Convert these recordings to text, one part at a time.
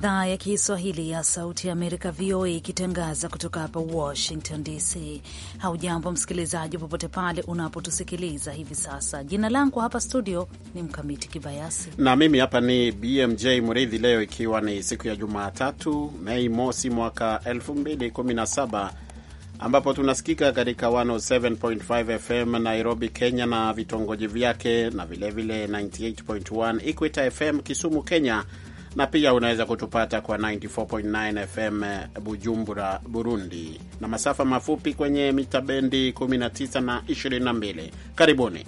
idhaa ya Kiswahili ya Sauti ya Amerika, VOA, ikitangaza kutoka hapa Washington DC. Haujambo msikilizaji, popote pale unapotusikiliza hivi sasa. Jina langu hapa studio ni Mkamiti Kibayasi na mimi hapa ni BMJ Mridhi. Leo ikiwa ni siku ya Jumatatu, Mei mosi mwaka 2017 ambapo tunasikika katika 107.5 FM Nairobi, Kenya na vitongoji vyake na vilevile 98.1 Equita FM Kisumu, Kenya na pia unaweza kutupata kwa 94.9 FM eh, Bujumbura, Burundi, na masafa mafupi kwenye mita bendi 19 na 22. Karibuni.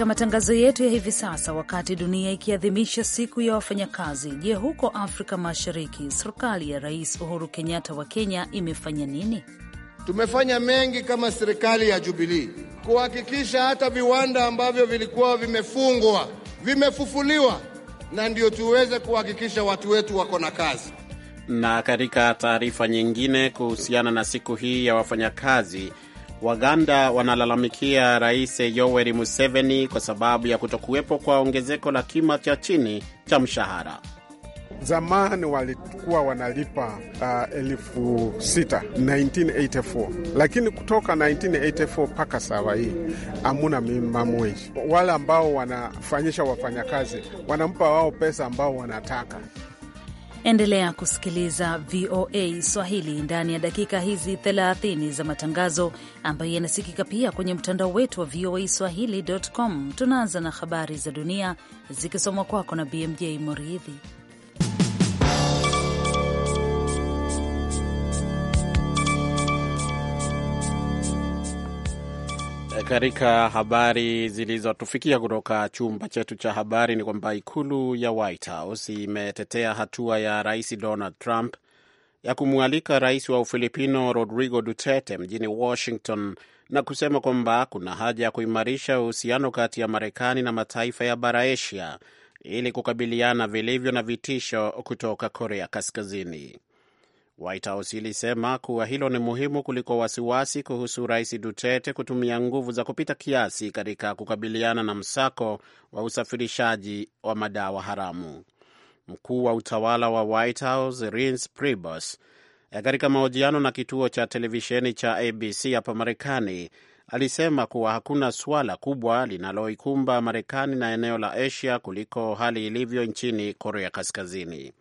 katika matangazo yetu ya hivi sasa. Wakati dunia ikiadhimisha siku ya wafanyakazi, je, huko Afrika Mashariki serikali ya Rais Uhuru Kenyatta wa Kenya imefanya nini? Tumefanya mengi kama serikali ya Jubilii kuhakikisha hata viwanda ambavyo vilikuwa vimefungwa vimefufuliwa, na ndio tuweze kuhakikisha watu wetu wako na kazi. Na katika taarifa nyingine kuhusiana na siku hii ya wafanyakazi Waganda wanalalamikia Rais Yoweri Museveni kwa sababu ya kutokuwepo kwa ongezeko la kima cha chini cha mshahara. Zamani walikuwa wanalipa uh, elfu sita 1984 lakini kutoka 1984 mpaka sawa hii hamuna minimum Wale ambao wanafanyisha wafanyakazi wanampa wao pesa ambao wanataka. Endelea kusikiliza VOA Swahili ndani ya dakika hizi 30 za matangazo ambayo yanasikika pia kwenye mtandao wetu wa VOA Swahili.com. Tunaanza na habari za dunia zikisomwa kwako na BMJ Moridhi. Katika habari zilizotufikia kutoka chumba chetu cha habari ni kwamba ikulu ya White House imetetea hatua ya rais Donald Trump ya kumwalika rais wa Ufilipino Rodrigo Duterte mjini Washington na kusema kwamba kuna haja ya kuimarisha uhusiano kati ya Marekani na mataifa ya bara Asia ili kukabiliana vilivyo na vitisho kutoka Korea Kaskazini. White House ilisema kuwa hilo ni muhimu kuliko wasiwasi kuhusu Rais Duterte kutumia nguvu za kupita kiasi katika kukabiliana na msako wa usafirishaji wa madawa haramu. Mkuu wa utawala wa White House Reince Priebus, katika mahojiano na kituo cha televisheni cha ABC hapa Marekani, alisema kuwa hakuna suala kubwa linaloikumba Marekani na eneo la Asia kuliko hali ilivyo nchini Korea Kaskazini.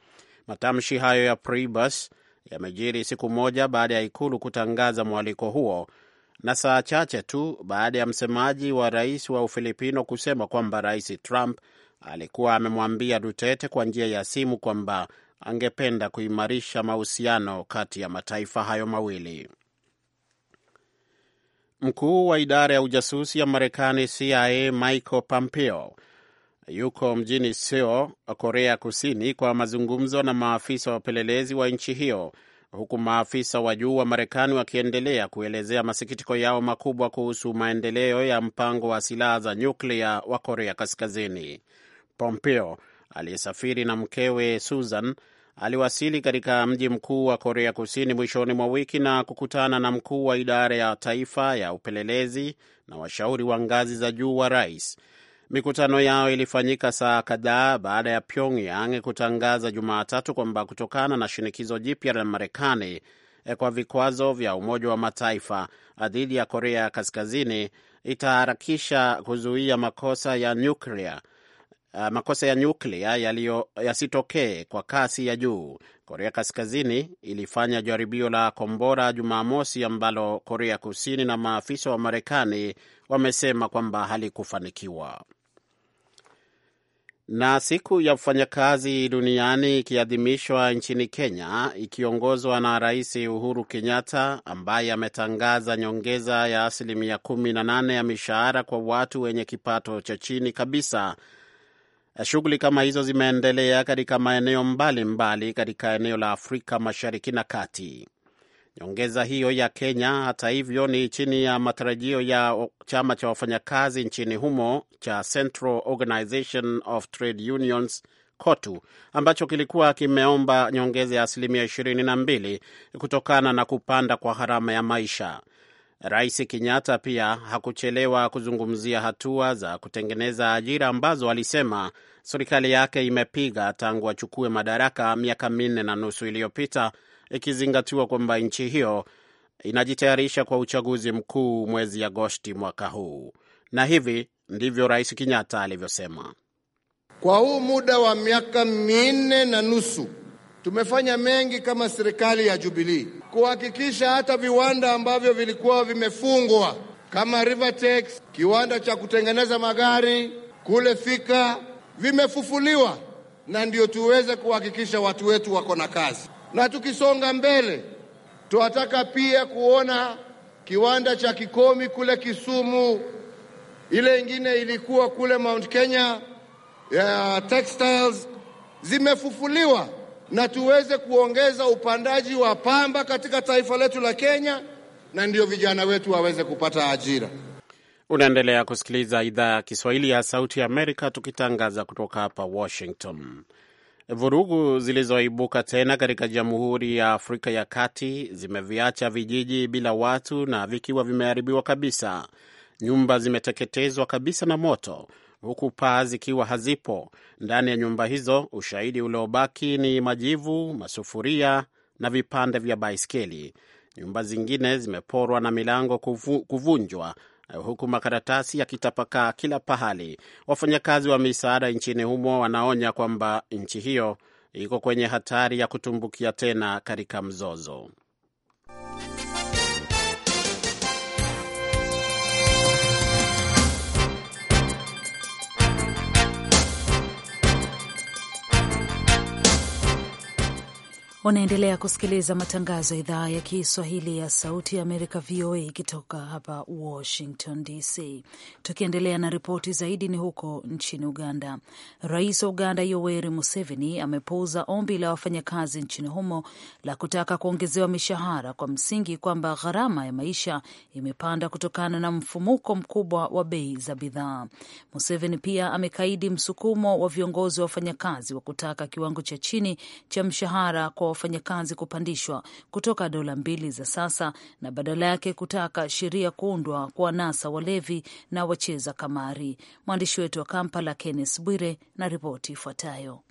Matamshi hayo ya Priebus yamejiri siku moja baada ya ikulu kutangaza mwaliko huo na saa chache tu baada ya msemaji wa rais wa Ufilipino kusema kwamba Rais Trump alikuwa amemwambia Duterte kwa njia ya simu kwamba angependa kuimarisha mahusiano kati ya mataifa hayo mawili. Mkuu wa idara ya ujasusi ya Marekani CIA Michael Pompeo yuko mjini seo Korea Kusini, kwa mazungumzo na maafisa wa upelelezi wa nchi hiyo, huku maafisa wa juu wa Marekani wakiendelea kuelezea masikitiko yao makubwa kuhusu maendeleo ya mpango wa silaha za nyuklia wa Korea Kaskazini. Pompeo aliyesafiri na mkewe Susan aliwasili katika mji mkuu wa Korea Kusini mwishoni mwa wiki na kukutana na mkuu wa idara ya taifa ya upelelezi na washauri wa ngazi za juu wa rais. Mikutano yao ilifanyika saa kadhaa baada ya Pyongyang kutangaza Jumatatu kwamba kutokana na shinikizo jipya la Marekani eh, kwa vikwazo vya Umoja wa Mataifa eh, dhidi ya Korea ya Kaskazini itaharakisha kuzuia makosa ya nyuklia Uh, makosa ya nyuklia yasitokee kwa kasi ya juu. Korea Kaskazini ilifanya jaribio la kombora Jumamosi ambalo Korea Kusini na maafisa wa Marekani wamesema kwamba halikufanikiwa. Na siku ya mfanyakazi duniani ikiadhimishwa nchini Kenya ikiongozwa na Rais Uhuru Kenyatta ambaye ametangaza nyongeza ya asilimia kumi na nane ya mishahara kwa watu wenye kipato cha chini kabisa. Shughuli kama hizo zimeendelea katika maeneo mbalimbali katika eneo la Afrika Mashariki na Kati. Nyongeza hiyo ya Kenya, hata hivyo, ni chini ya matarajio ya chama cha wafanyakazi nchini humo cha Central Organization of Trade Unions KOTU ambacho kilikuwa kimeomba nyongeza ya asilimia ishirini na mbili kutokana na kupanda kwa gharama ya maisha. Rais Kenyatta pia hakuchelewa kuzungumzia hatua za kutengeneza ajira ambazo alisema serikali yake imepiga tangu achukue madaraka miaka minne na nusu iliyopita ikizingatiwa kwamba nchi hiyo inajitayarisha kwa uchaguzi mkuu mwezi Agosti mwaka huu. Na hivi ndivyo Rais Kenyatta alivyosema: kwa huu muda wa miaka minne na nusu tumefanya mengi kama serikali ya Jubilii kuhakikisha hata viwanda ambavyo vilikuwa vimefungwa kama Rivertex, kiwanda cha kutengeneza magari kule Thika, vimefufuliwa na ndio tuweze kuhakikisha watu wetu wako na kazi. Na tukisonga mbele, tunataka pia kuona kiwanda cha Kikomi kule Kisumu, ile ingine ilikuwa kule Mount Kenya ya textiles zimefufuliwa, na tuweze kuongeza upandaji wa pamba katika taifa letu la Kenya, na ndio vijana wetu waweze kupata ajira. Unaendelea kusikiliza idhaa ya Kiswahili ya Sauti ya Amerika, tukitangaza kutoka hapa Washington. Vurugu zilizoibuka tena katika Jamhuri ya Afrika ya Kati zimeviacha vijiji bila watu na vikiwa vimeharibiwa kabisa. Nyumba zimeteketezwa kabisa na moto, huku paa zikiwa hazipo. Ndani ya nyumba hizo, ushahidi uliobaki ni majivu, masufuria na vipande vya baiskeli. Nyumba zingine zimeporwa na milango kuvunjwa huku makaratasi yakitapakaa kila pahali. Wafanyakazi wa misaada nchini humo wanaonya kwamba nchi hiyo iko kwenye hatari ya kutumbukia tena katika mzozo. Unaendelea kusikiliza matangazo ya idhaa ya Kiswahili ya Sauti ya Amerika, VOA, ikitoka hapa Washington DC. Tukiendelea na ripoti zaidi, ni huko nchini Uganda. Rais wa Uganda Yoweri Museveni amepuuza ombi la wafanyakazi nchini humo la kutaka kuongezewa mishahara kwa msingi kwamba gharama ya maisha imepanda kutokana na mfumuko mkubwa wa bei za bidhaa. Museveni pia amekaidi msukumo wa viongozi wa wafanyakazi wa kutaka kiwango cha chini cha mshahara kwa wafanyakazi kupandishwa kutoka dola mbili za sasa na badala yake kutaka sheria kuundwa kuwanasa walevi na wacheza kamari. Mwandishi wetu wa Kampala, Kenneth Bwire, na ripoti ifuatayo.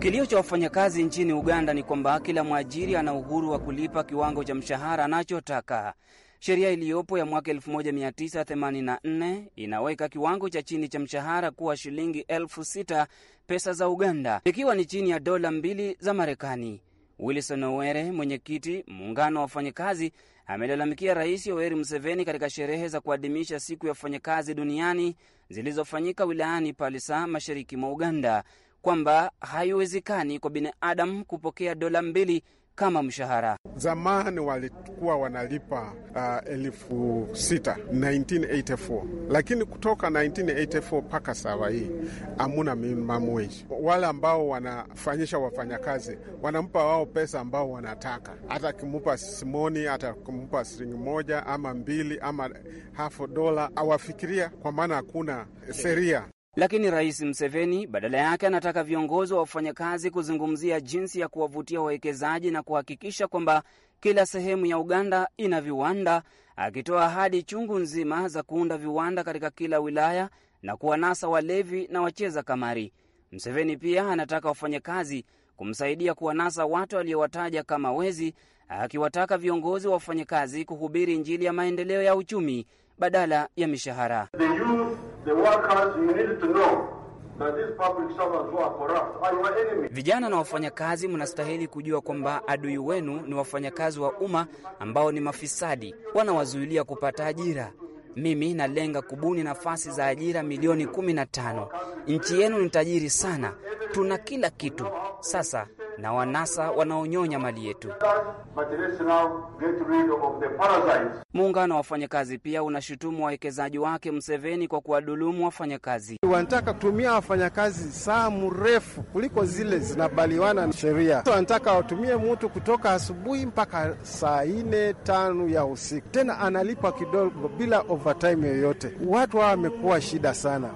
Kilio cha wafanyakazi nchini Uganda ni kwamba kila mwajiri ana uhuru wa kulipa kiwango cha mshahara anachotaka. Sheria iliyopo ya mwaka 1984 inaweka kiwango cha chini cha mshahara kuwa shilingi elfu sita pesa za Uganda, ikiwa ni chini ya dola mbili za Marekani. Wilson Owere, mwenyekiti muungano wa wafanyakazi, amelalamikia Rais Yoweri Museveni katika sherehe za kuadhimisha siku ya wafanyakazi duniani zilizofanyika wilayani Palisa, mashariki mwa Uganda, kwamba haiwezekani kwa binadamu kupokea dola mbili kama mshahara. Zamani walikuwa wanalipa uh, elfu sita 1984 lakini kutoka 1984 mpaka sawa hii hamuna minimum wage. Wale ambao wanafanyisha wafanyakazi wanampa wao pesa ambao wanataka, hata akimupa simoni, hata akimupa shilingi moja ama mbili ama hafu dola awafikiria, kwa maana hakuna eh, sheria lakini Rais Mseveni badala yake anataka viongozi wa wafanyakazi kuzungumzia jinsi ya kuwavutia wawekezaji na kuhakikisha kwamba kila sehemu ya Uganda ina viwanda, akitoa ahadi chungu nzima za kuunda viwanda katika kila wilaya na kuwanasa walevi na wacheza kamari. Mseveni pia anataka wafanyakazi kumsaidia kuwanasa watu aliyowataja kama wezi, akiwataka viongozi wa wafanyakazi kuhubiri Injili ya maendeleo ya uchumi badala ya mishahara. Vijana na wafanyakazi, mnastahili kujua kwamba adui wenu ni wafanyakazi wa umma ambao ni mafisadi, wanawazuilia kupata ajira. Mimi nalenga kubuni nafasi za ajira milioni 15. Nchi yenu ni tajiri sana, tuna kila kitu. Sasa na wanasa wanaonyonya mali yetu. Muungano wa wafanyakazi pia unashutumu wawekezaji wake Mseveni kwa kuwadulumu wafanyakazi. Wanataka kutumia wafanyakazi saa mrefu kuliko zile zinabaliwana na sheria. Wanataka watumie mtu kutoka asubuhi mpaka saa ine tano ya usiku, tena analipwa kidogo bila overtime yoyote. Watu hawa wamekuwa shida sana.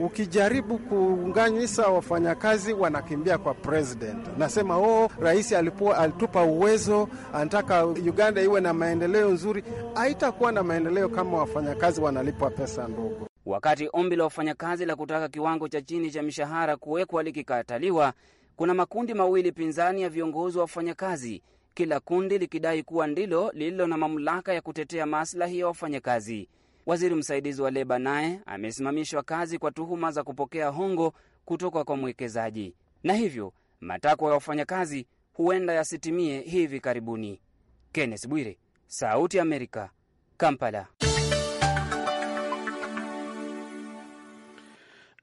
Ukijaribu kuunganisha wafanyakazi, wanakimbia kwa president, nasema oh, rais alipua, alitupa uwezo, anataka Uganda iwe na maendeleo nzuri. Haitakuwa na maendeleo kama wafanyakazi wanalipwa pesa ndogo. Wakati ombi la wafanyakazi la kutaka kiwango cha chini cha mishahara kuwekwa likikataliwa, kuna makundi mawili pinzani ya viongozi wa wafanyakazi, kila kundi likidai kuwa ndilo lililo na mamlaka ya kutetea maslahi ya wafanyakazi. Waziri msaidizi wa leba naye amesimamishwa kazi kwa tuhuma za kupokea hongo kutoka kwa mwekezaji, na hivyo matakwa ya wafanyakazi huenda yasitimie hivi karibuni. Kenneth Bwire, Sauti ya Amerika, Kampala.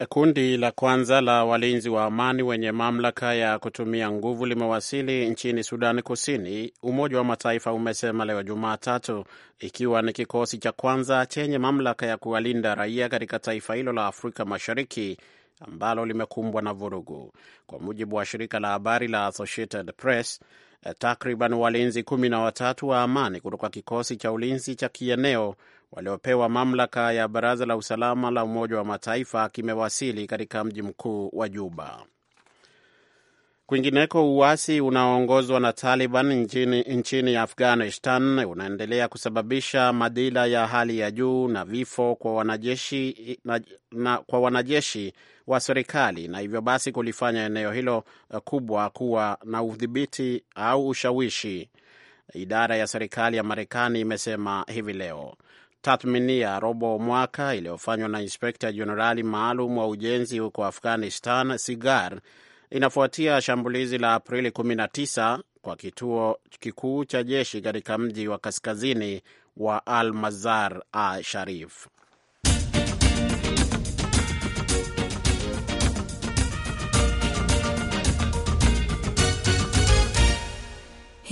Kundi la kwanza la walinzi wa amani wenye mamlaka ya kutumia nguvu limewasili nchini Sudan Kusini, Umoja wa Mataifa umesema leo Jumatatu, ikiwa ni kikosi cha kwanza chenye mamlaka ya kuwalinda raia katika taifa hilo la Afrika Mashariki ambalo limekumbwa na vurugu. Kwa mujibu wa shirika la habari la Associated Press, eh, takriban walinzi kumi na watatu wa amani kutoka kikosi cha ulinzi cha kieneo waliopewa mamlaka ya Baraza la Usalama la Umoja wa Mataifa kimewasili katika mji mkuu wa Juba. Kwingineko, uasi unaoongozwa na Taliban nchini, nchini Afghanistan unaendelea kusababisha madhila ya hali ya juu na vifo kwa wanajeshi, na, na, kwa wanajeshi wa serikali na hivyo basi kulifanya eneo hilo kubwa kuwa na udhibiti au ushawishi, idara ya serikali ya Marekani imesema hivi leo. Tathmini ya robo mwaka iliyofanywa na inspekta jenerali maalum wa ujenzi huko Afghanistan, SIGAR, inafuatia shambulizi la Aprili 19 kwa kituo kikuu cha jeshi katika mji wa kaskazini wa Al Mazar a Sharif.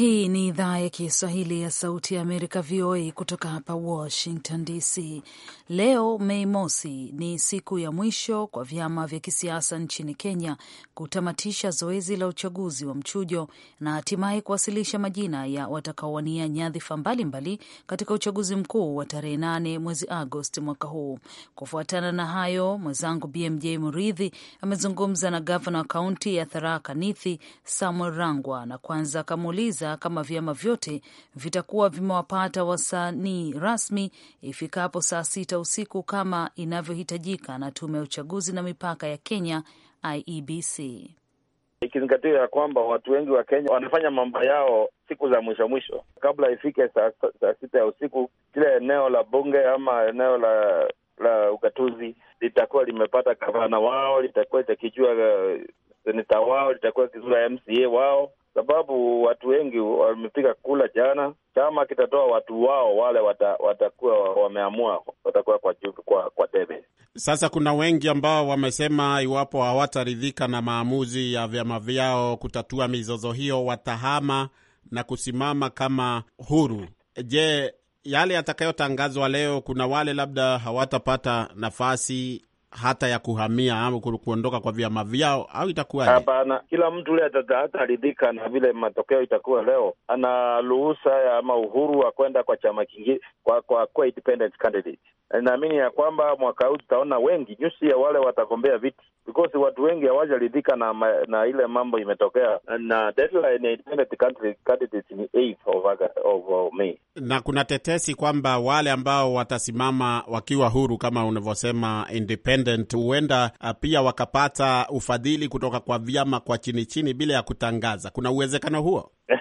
Hii ni idhaa ya Kiswahili ya Sauti ya Amerika, VOA, kutoka hapa Washington DC. Leo Mei Mosi ni siku ya mwisho kwa vyama vya kisiasa nchini Kenya kutamatisha zoezi la uchaguzi wa mchujo na hatimaye kuwasilisha majina ya watakaowania nyadhifa mbalimbali katika uchaguzi mkuu wa tarehe nane mwezi Agosti mwaka huu. Kufuatana na hayo, mwenzangu BMJ Muridhi amezungumza na gavana wa kaunti ya Tharaka Nithi, Samuel Rangwa, na kwanza akamuuliza kama vyama vyote vitakuwa vimewapata wasanii rasmi ifikapo saa sita usiku kama inavyohitajika na tume ya uchaguzi na mipaka ya Kenya IEBC, ikizingatia ya kwamba watu wengi wa Kenya wanafanya mambo yao siku za mwisho mwisho kabla ifike saa, saa sita ya usiku, kila eneo la bunge ama eneo la la ugatuzi litakuwa limepata gavana wao, litakuwa litakijua eh, seneta wao, litakuwa kizuamca MCA wao sababu watu wengi wamepiga kula jana. Chama kitatoa watu wao wale wata, watakuwa wameamua watakuwa kwa, kwa, kwa debe. Sasa kuna wengi ambao wamesema iwapo hawataridhika na maamuzi ya vyama vyao kutatua mizozo hiyo watahama na kusimama kama huru. Je, yale yatakayotangazwa leo, kuna wale labda hawatapata nafasi hata ya kuhamia au kuondoka kwa vyama vyao au itakuwa Hapana, kila mtu yule hataridhika na vile matokeo itakuwa leo, ana ruhusa ama uhuru wa kwenda kwa chama kingine, kwa, kwa, kwa independent candidate naamini ya kwamba mwaka huu tutaona wengi nyusi ya wale watagombea viti because watu wengi hawajaridhika na, na ile mambo imetokea na deadline independent country candidates ni 8 of, of May. Na kuna tetesi kwamba wale ambao watasimama wakiwa huru kama unavyosema independent, huenda uh, pia wakapata ufadhili kutoka kwa vyama kwa chini chini bila ya kutangaza. Kuna uwezekano huo?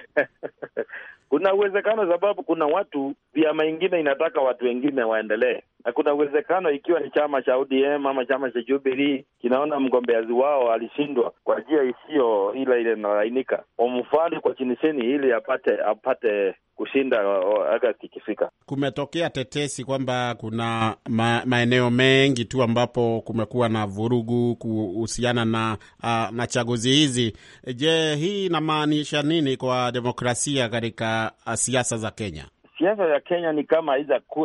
Kuna uwezekano sababu kuna watu vyama ingine inataka watu wengine waendelee na kuna uwezekano ikiwa ni chama cha ODM ama chama cha Jubilee kinaona mgombeazi wao alishindwa kwa njia isiyo ile ile inalainika, wamfanye kwa chini chini ili apate apate kushinda Agasti ikifika. Kumetokea tetesi kwamba kuna ma, maeneo mengi tu ambapo kumekuwa na vurugu kuhusiana na, uh, na chaguzi hizi. Je, hii inamaanisha nini kwa demokrasia katika siasa za Kenya? siasa ya Kenya ni kama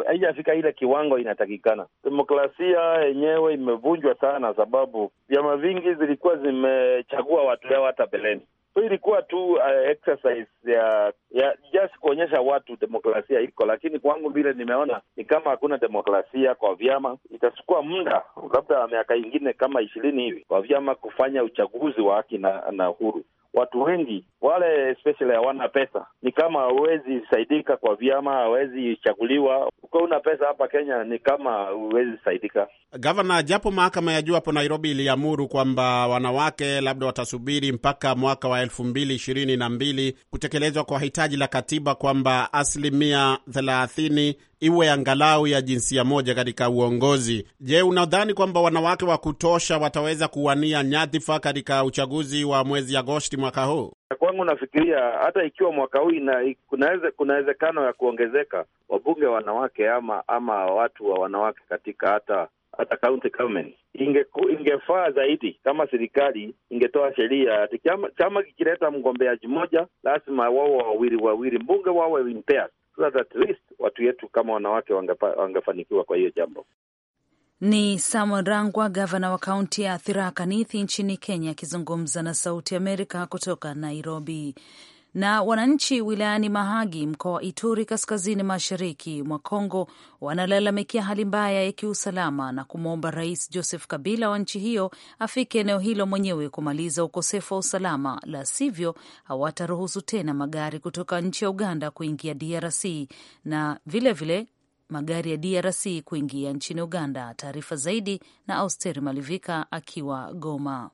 haijafika ile kiwango inatakikana. Demokrasia yenyewe imevunjwa sana, sababu vyama vingi zilikuwa zimechagua watu yao hata beleni So ilikuwa tu uh, exercise ya, ya just kuonyesha watu demokrasia iko, lakini kwangu vile nimeona ni kama hakuna demokrasia kwa vyama. Itachukua muda labda miaka ingine kama ishirini hivi kwa vyama kufanya uchaguzi wa haki na, na huru watu wengi wale especially hawana pesa, ni kama huwezi saidika kwa vyama, hawezi chaguliwa. una pesa hapa Kenya ni kama huwezi saidika. Gavana, japo mahakama ya juu hapo Nairobi iliamuru kwamba wanawake labda watasubiri mpaka mwaka wa elfu mbili ishirini na mbili kutekelezwa kwa hitaji la katiba kwamba asilimia thelathini iwe angalau ya jinsia moja katika uongozi. Je, unadhani kwamba wanawake wa kutosha wataweza kuwania nyadhifa katika uchaguzi wa mwezi Agosti mwaka huu? Kwangu nafikiria hata ikiwa mwaka huu kuna uwezekano ya kuongezeka wabunge wanawake ama ama watu wa wanawake katika hata hata county government inge, ingefaa zaidi kama serikali ingetoa sheria ati chama kikileta mgombeaji mmoja lazima wao wawili wawili mbunge wawe in pairs at least watu wetu kama wanawake wangepa, wangefanikiwa kwa hiyo jambo. Ni Samuel Rangwa, gavana wa kaunti ya Athira Kanithi nchini Kenya, akizungumza na Sauti Amerika kutoka Nairobi na wananchi wilayani Mahagi, mkoa wa Ituri, kaskazini mashariki mwa Kongo, wanalalamikia hali mbaya ya kiusalama na kumwomba Rais Joseph Kabila wa nchi hiyo afike eneo hilo mwenyewe kumaliza ukosefu wa usalama, la sivyo hawataruhusu tena magari kutoka nchi ya Uganda kuingia DRC na vilevile vile magari ya DRC kuingia nchini Uganda. Taarifa zaidi na Austeri Malivika akiwa Goma.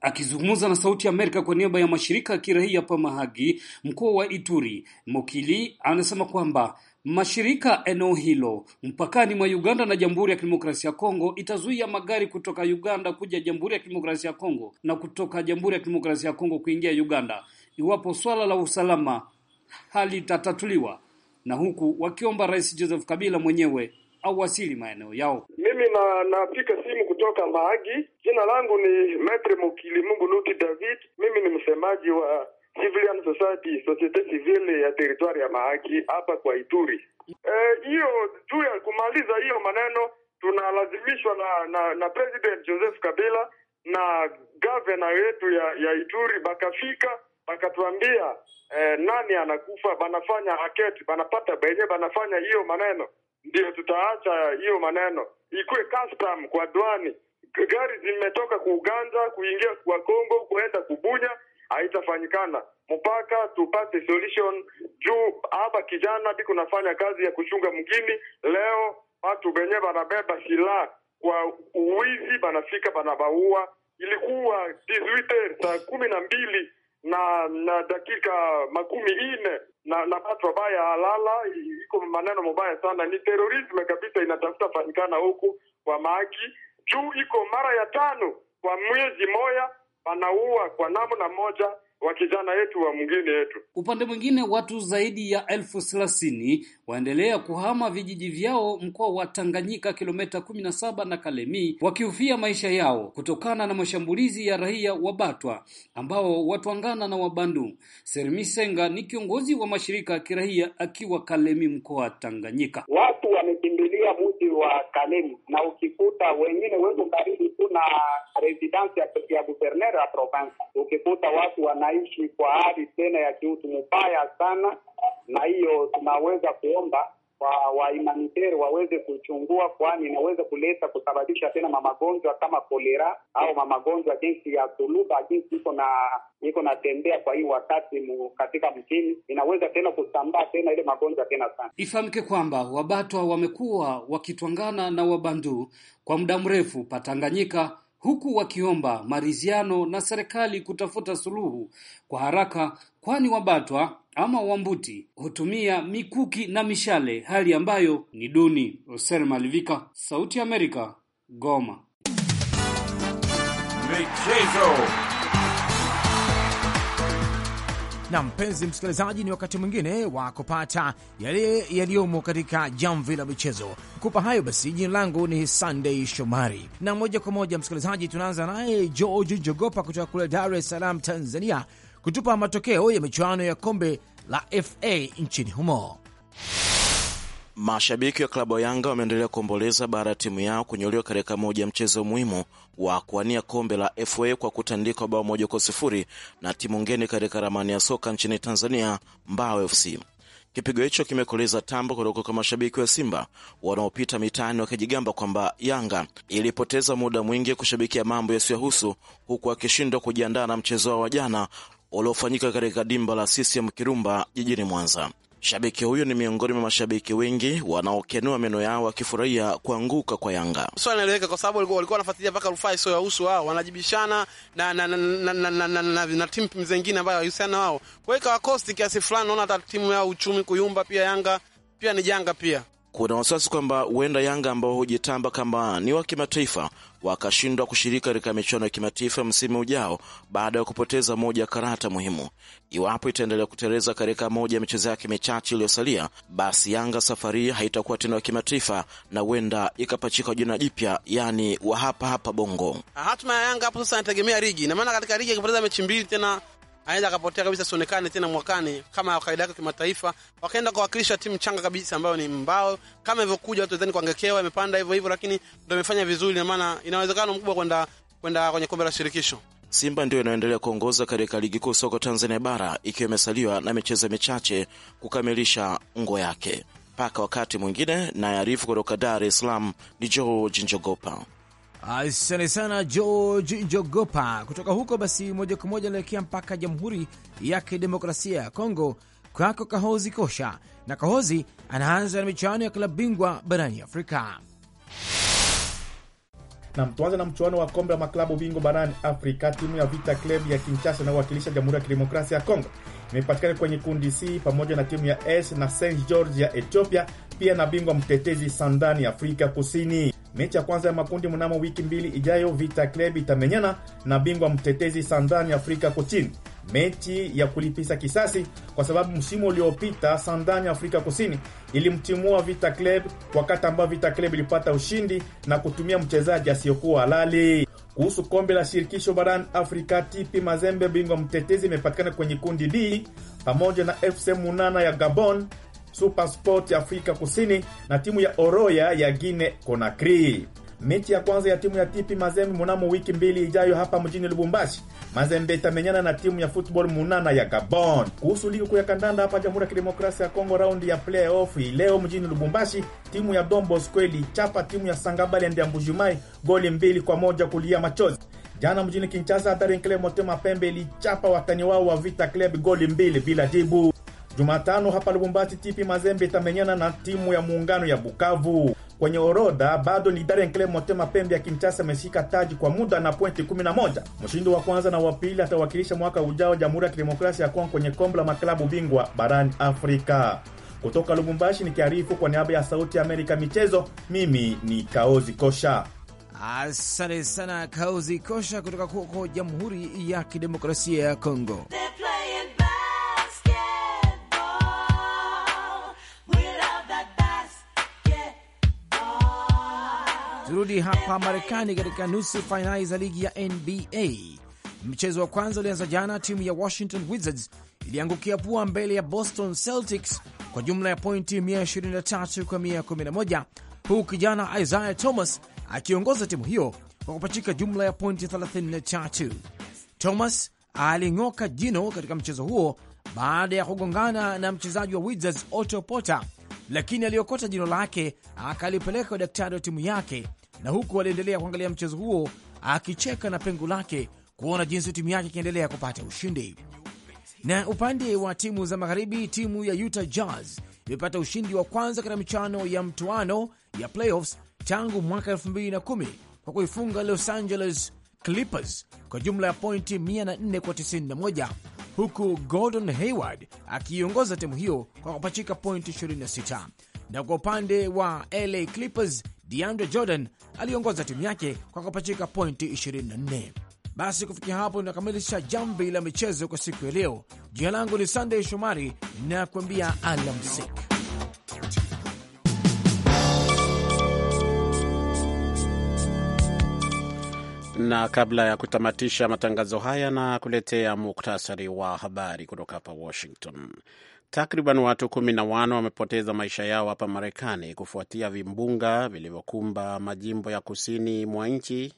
Akizungumza na Sauti ya Amerika kwa niaba ya mashirika ya kiraia hapa Mahagi, mkoa wa Ituri, Mokili anasema kwamba mashirika eneo hilo mpakani mwa Uganda na Jamhuri ya Kidemokrasia ya Kongo itazuia magari kutoka Uganda kuja Jamhuri ya Kidemokrasia ya Kongo na kutoka Jamhuri ya Kidemokrasia ya Kongo kuingia Uganda iwapo swala la usalama hali itatatuliwa, na huku wakiomba Rais Joseph Kabila mwenyewe au wasili maeneo yao. Mimi na napika simu kutoka Mahagi. Jina langu ni Maitre Mungu Luti David. Mimi ni msemaji wa Civilian Society, societe civile ya territoire ya Mahagi hapa kwa Ituri. E, hiyo e, juu ya kumaliza hiyo maneno tunalazimishwa na, na na President Joseph Kabila na gavana yetu ya, ya Ituri bakafika bakatuambia eh, nani anakufa, banafanya aketi banapata benye banafanya hiyo maneno ndio tutaacha hiyo maneno, ikuwe custom kwa dwani. Gari zimetoka kuuganza kuingia kwa Kongo kuenda kubunya, haitafanyikana mpaka tupate solution juu hapa. Kijana biko nafanya kazi ya kuchunga mgini, leo watu wenyewe wanabeba silaha kwa uwizi banafika banabaua. Ilikuwa 18 saa kumi na mbili na na dakika makumi ine na na batu wabaya alala iko maneno mubaya sana, ni terorisme kabisa, inatafuta fanikana huku kwa maki juu, iko mara ya tano kwa mwezi moya, wanaua kwa namna moja wa kijana yetu wa mwingine yetu. Upande mwingine, watu zaidi ya elfu thelathini waendelea kuhama vijiji vyao mkoa wa Tanganyika, kilomita kumi na saba na Kalemi, wakihofia maisha yao kutokana na mashambulizi ya raia wa Batwa ambao watwangana na Wabandu. Sermisenga ni kiongozi wa mashirika ya kiraia akiwa Kalemi, mkoa wa Tanganyika. Watu wamekimbilia mji wa Kalemi, na ukikuta wengine weko karibu tu na residensi ya guverner ya province, ukikuta watu wanaishi kwa hali tena ya kiutu mbaya sana, na hiyo tunaweza kuomba wa, wa humanitarian waweze kuchungua, kwani inaweza kuleta kusababisha tena mamagonjwa kama kolera au mamagonjwa jinsi ya suluba jinsi iko na iko natembea kwa hii wakati mu, katika mjini inaweza tena kusambaa tena ile magonjwa tena sana. Ifahamike kwamba Wabatwa wamekuwa wakitwangana na Wabandu kwa muda mrefu Patanganyika huku wakiomba maridhiano na serikali kutafuta suluhu kwa haraka, kwani Wabatwa ama Wambuti hutumia mikuki na mishale, hali ambayo ni duni. Hoser Malivika, Sauti ya Amerika, Goma. Michezo na mpenzi msikilizaji, ni wakati mwingine wa kupata yale yaliyomo katika jamvi la michezo. Kupa hayo basi, jina langu ni Sunday Shomari, na moja kwa moja msikilizaji, tunaanza naye George Jogopa kutoka kule Dar es Salaam, Tanzania kutupa matokeo ya michuano ya kombe la FA nchini humo. Mashabiki wa klabu ya Yanga wameendelea kuomboleza baada ya timu yao kunyoliwa katika moja ya mchezo muhimu wa kuwania kombe la FA kwa kutandikwa bao moja kwa sifuri na timu ngeni katika ramani ya soka nchini Tanzania, Mbao FC. Kipigo hicho kimekoleza tambo kutoka kwa mashabiki wa Simba wanaopita mitaani wakijigamba kwamba Yanga ilipoteza muda mwingi kushabikia mambo yasiyohusu, huku akishindwa kujiandaa na mchezo wao wa jana uliofanyika katika dimba la CCM Kirumba jijini Mwanza. Shabiki huyu ni miongoni mwa mashabiki wengi wanaokenua meno yao wakifurahia kuanguka kwa Yanga. Swali kwa sababu walikuwa wanafuatilia mpaka rufaa sio ya wao, wanajibishana na na, na, na, na, na, na, na, na timu zingine ambayo hawahusiana wao, kwa hiyo kiasi fulani. Naona hata timu yao uchumi kuyumba, pia Yanga pia ni janga pia kuna wasiwasi kwamba huenda Yanga ambao hujitamba kama ni wa kimataifa wakashindwa kushiriki katika michuano ya kimataifa msimu ujao baada ya kupoteza moja ya karata muhimu. Iwapo itaendelea kuteleza katika moja ya michezo yake michache iliyosalia, basi Yanga safari haitakuwa tena wa kimataifa na huenda ikapachika jina jipya, yaani wa hapa hapa Bongo. Hatima ya Yanga hapo sasa inategemea ligi, na maana katika ligi akipoteza mechi mbili tena anaweza akapotea kabisa sionekane tena mwakani kama kawaida yake kimataifa. Wakaenda kuwakilisha timu changa kabisa ambayo ni Mbao. Kama ilivyokuja watu wadhani kuangekewa, imepanda hivyo hivyo, lakini ndo imefanya vizuri, na maana ina uwezekano mkubwa kwenda kwenda kwenye kombe la shirikisho. Simba ndio inaendelea kuongoza katika ligi kuu soka Tanzania bara ikiwa imesaliwa na michezo michache kukamilisha ngo yake. Mpaka wakati mwingine, naye kutoka Dar es Salaam ni George Njogopa. Asante sana George Jogopa kutoka huko. Basi moja kwa moja anaelekea mpaka Jamhuri ya Kidemokrasia ya Kongo, kwako Kahozi Kosha. Na Kahozi anaanza na michuano ya klabu bingwa barani Afrika. Nam, tuanze na mchuano wa kombe wa maklabu bingwa barani Afrika. Timu ya Vita Club ya Kinshasa inayowakilisha Jamhuri ya Kidemokrasia ya Kongo imepatikana kwenye kundi C pamoja na timu ya S na St George ya Ethiopia, pia na bingwa mtetezi Sandani Afrika Kusini. Mechi ya kwanza ya makundi mnamo wiki mbili ijayo, Vita Club itamenyana na bingwa mtetezi Sandani Afrika Kusini, mechi ya kulipisa kisasi, kwa sababu msimu uliopita Sandani Afrika Kusini ilimtimua Vita Club wakati ambao Vita Club ilipata ushindi na kutumia mchezaji asiyokuwa halali. Kuhusu kombe la shirikisho barani Afrika, TP Mazembe bingwa mtetezi imepatikana kwenye kundi D pamoja na FC Munana ya Gabon Super Sport ya Afrika Kusini na timu ya Oroya ya Guinea Conakry. Mechi ya kwanza ya timu ya Tipi Mazembe munamo wiki mbili ijayo hapa mjini Lubumbashi. Mazembe itamenyana na timu ya Football Munana ya Gabon. Kuhusu ligi kuu ya kandanda hapa Jamhuri ya Kidemokrasia ya Kongo, raundi ya playoff leo mjini Lubumbashi, timu ya Don Bosco ilichapa timu ya Sangabalende ya Mbujumai goli mbili kwa moja kulia machozi. Jana mjini Kinshasa, Daring Club Motema Pembe ilichapa watani wao wa Vita Club goli mbili bila jibu. Jumatano hapa Lubumbashi, Tipi Mazembe itamenyana na timu ya muungano ya Bukavu. Kwenye orodha bado lidari Enkele Motema Pembe ya Kinshasa ameshika taji kwa muda na pointi 11. Mshindi wa kwanza na wa pili atawakilisha mwaka ujao Jamhuri ya Kidemokrasia ya Kongo kwenye kombe la maklabu bingwa barani Afrika. Kutoka Lubumbashi nikiarifu kwa niaba ya Sauti ya Amerika michezo, mimi ni Kaozi Kosha. Asante sana Kaozi Kosha kutoka huko Jamhuri ya Kidemokrasia ya Kongo. Turudi hapa Marekani, katika nusu fainali za ligi ya NBA. Mchezo wa kwanza ulianza jana, timu ya Washington Wizards iliangukia pua mbele ya Boston Celtics kwa jumla ya pointi 123 kwa 111, huku kijana Isaiah Thomas akiongoza timu hiyo kwa kupachika jumla ya pointi 33. Thomas aling'oka jino katika mchezo huo baada ya kugongana na mchezaji wa Wizards Otto Porter, lakini aliokota jino lake akalipeleka kwa daktari wa timu yake na huku aliendelea kuangalia mchezo huo akicheka na pengo lake kuona jinsi timu yake ikiendelea kupata ushindi. Na upande wa timu za magharibi, timu ya Utah Jazz imepata ushindi wa kwanza katika michano ya mtoano ya playoffs tangu mwaka 2010 kwa kuifunga Los Angeles Clippers kwa jumla ya pointi 104 kwa 91, huku Gordon Hayward akiiongoza timu hiyo kwa kupachika pointi 26. Na kwa upande wa LA Clippers DeAndre Jordan aliongoza timu yake kwa kupachika pointi 24. Basi kufikia hapo inakamilisha jambi la michezo kwa siku ya leo. Jina langu ni Sunday Shomari na kuambia alamsiki. Na kabla ya kutamatisha matangazo haya na kuletea muktasari wa habari kutoka hapa Washington. Takriban watu kumi na wano wamepoteza maisha yao hapa Marekani kufuatia vimbunga vilivyokumba majimbo ya kusini mwa nchi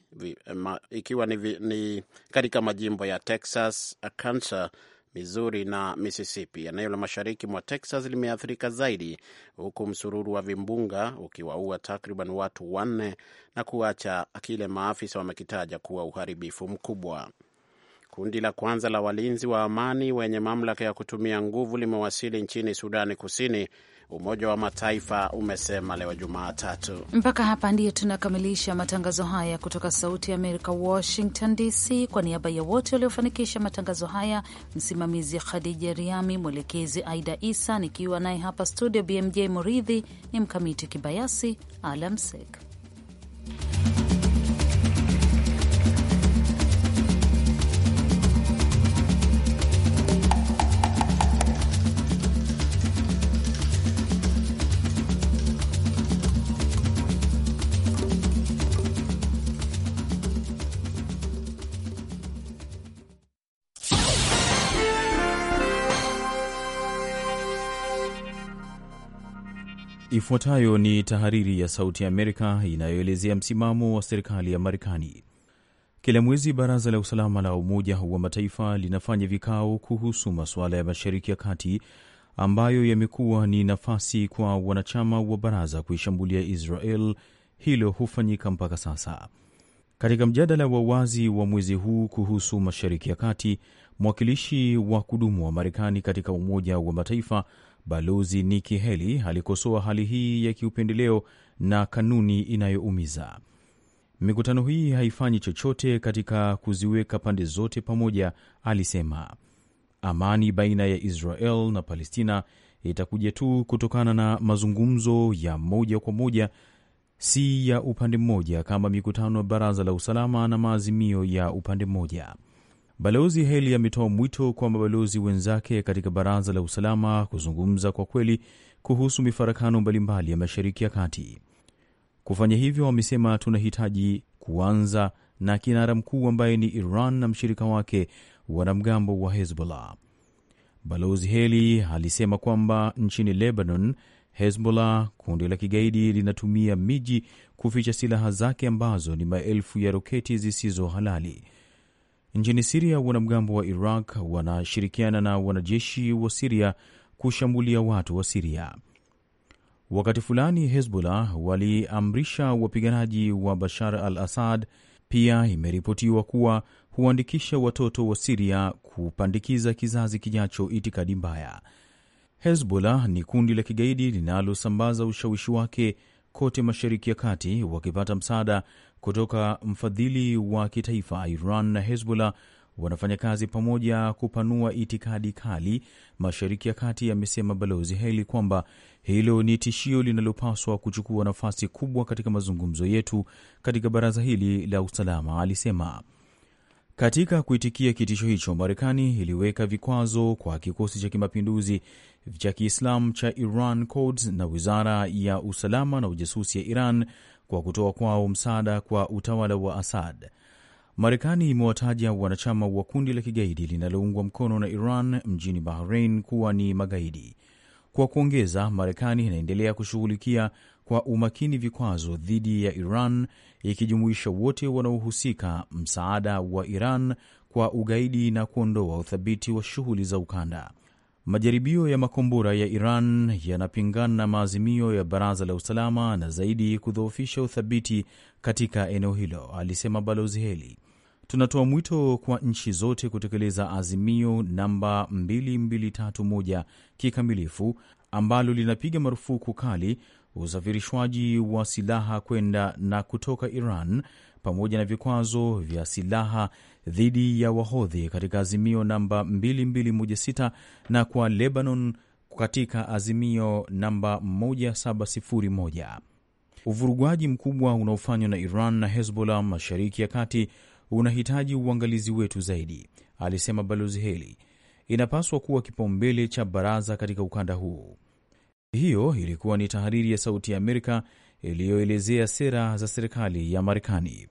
ikiwa ni, ni katika majimbo ya Texas, Arkansas, Missouri na Mississippi. Eneo la mashariki mwa Texas limeathirika zaidi, huku msururu wa vimbunga ukiwaua takriban watu wanne na kuacha kile maafisa wamekitaja kuwa uharibifu mkubwa. Kundi la kwanza la walinzi wa amani wenye mamlaka ya kutumia nguvu limewasili nchini Sudani Kusini, Umoja wa Mataifa umesema leo Jumatatu. Mpaka hapa ndiyo tunakamilisha matangazo haya kutoka Sauti ya Amerika, Washington DC. Kwa niaba ya wote waliofanikisha matangazo haya, msimamizi Khadija Riami, mwelekezi Aida Isa, nikiwa naye hapa studio BMJ Muridhi, ni Mkamiti Kibayasi. Alamsek. Ifuatayo ni tahariri ya Sauti ya Amerika inayoelezea msimamo wa serikali ya Marekani. Kila mwezi Baraza la Usalama la Umoja wa Mataifa linafanya vikao kuhusu masuala ya Mashariki ya Kati ambayo yamekuwa ni nafasi kwa wanachama wa baraza kuishambulia Israel. Hilo hufanyika mpaka sasa. Katika mjadala wa wazi wa mwezi huu kuhusu Mashariki ya Kati, mwakilishi wa kudumu wa Marekani katika Umoja wa Mataifa Balozi Nikki Haley alikosoa hali hii ya kiupendeleo na kanuni inayoumiza. Mikutano hii haifanyi chochote katika kuziweka pande zote pamoja, alisema. Amani baina ya Israel na Palestina itakuja tu kutokana na mazungumzo ya moja kwa moja, si ya upande mmoja, kama mikutano ya Baraza la Usalama na maazimio ya upande mmoja. Balozi Heli ametoa mwito kwa mabalozi wenzake katika Baraza la Usalama kuzungumza kwa kweli kuhusu mifarakano mbalimbali ya Mashariki ya Kati. Kufanya hivyo, amesema tunahitaji kuanza na kinara mkuu ambaye ni Iran na mshirika wake wanamgambo wa Hezbollah. Balozi Heli alisema kwamba nchini Lebanon, Hezbollah, kundi la kigaidi, linatumia miji kuficha silaha zake ambazo ni maelfu ya roketi zisizo halali Nchini Siria, wanamgambo wa Iraq wanashirikiana na wanajeshi wa Siria kushambulia watu wa Siria. Wakati fulani Hezbollah waliamrisha wapiganaji wa Bashar al Assad. Pia imeripotiwa kuwa huandikisha watoto wa Siria kupandikiza kizazi kijacho itikadi mbaya. Hezbollah ni kundi la kigaidi linalosambaza ushawishi wake kote Mashariki ya Kati, wakipata msaada kutoka mfadhili wa kitaifa. Iran na Hezbollah wanafanya kazi pamoja kupanua itikadi kali Mashariki ya Kati, amesema Balozi Heli kwamba hilo ni tishio linalopaswa kuchukua nafasi kubwa katika mazungumzo yetu katika baraza hili la usalama, alisema. Katika kuitikia kitisho hicho, Marekani iliweka vikwazo kwa kikosi cha kimapinduzi cha Kiislamu cha Iran Quds na wizara ya usalama na ujasusi ya Iran kwa kutoa kwao msaada kwa utawala wa Assad. Marekani imewataja wanachama wa kundi la kigaidi linaloungwa mkono na Iran mjini Bahrain kuwa ni magaidi. Kwa kuongeza, Marekani inaendelea kushughulikia kwa umakini vikwazo dhidi ya Iran ikijumuisha wote wanaohusika, msaada wa Iran kwa ugaidi na kuondoa uthabiti wa shughuli za ukanda. Majaribio ya makombora ya Iran yanapingana na maazimio ya Baraza la Usalama na zaidi kudhoofisha uthabiti katika eneo hilo, alisema Balozi Heli. Tunatoa mwito kwa nchi zote kutekeleza azimio namba 2231 kikamilifu ambalo linapiga marufuku kali usafirishwaji wa silaha kwenda na kutoka Iran pamoja na vikwazo vya silaha dhidi ya Wahodhi katika azimio namba 2216 na kwa Lebanon katika azimio namba 1701. Uvurugaji mkubwa unaofanywa na Iran na Hezbollah mashariki ya kati unahitaji uangalizi wetu zaidi, alisema Balozi Heli. Inapaswa kuwa kipaumbele cha baraza katika ukanda huu. Hiyo ilikuwa ni tahariri ya Sauti ya Amerika iliyoelezea sera za serikali ya Marekani.